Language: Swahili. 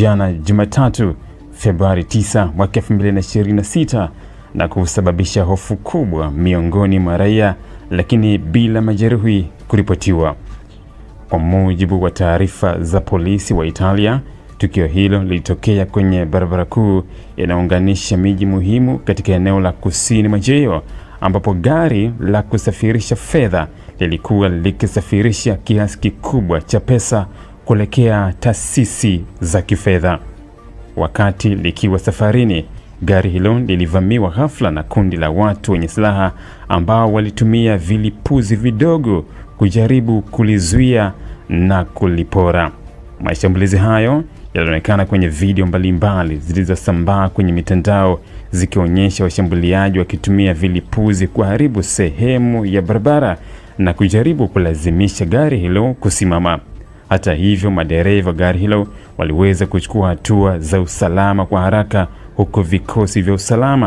jana Jumatatu Februari 9 mwaka 2026 na kusababisha hofu kubwa miongoni mwa raia, lakini bila majeruhi kuripotiwa. Kwa mujibu wa taarifa za polisi wa Italia, tukio hilo lilitokea kwenye barabara kuu inaunganisha miji muhimu katika eneo la kusini mwa ambapo gari la kusafirisha fedha lilikuwa likisafirisha kiasi kikubwa cha pesa kuelekea taasisi za kifedha. Wakati likiwa safarini, gari hilo lilivamiwa ghafla na kundi la watu wenye silaha ambao walitumia vilipuzi vidogo kujaribu kulizuia na kulipora. Mashambulizi hayo yalionekana kwenye video mbalimbali zilizosambaa kwenye mitandao zikionyesha washambuliaji wakitumia vilipuzi kuharibu sehemu ya barabara na kujaribu kulazimisha gari hilo kusimama. Hata hivyo, madereva gari hilo waliweza kuchukua hatua za usalama kwa haraka, huku vikosi vya usalama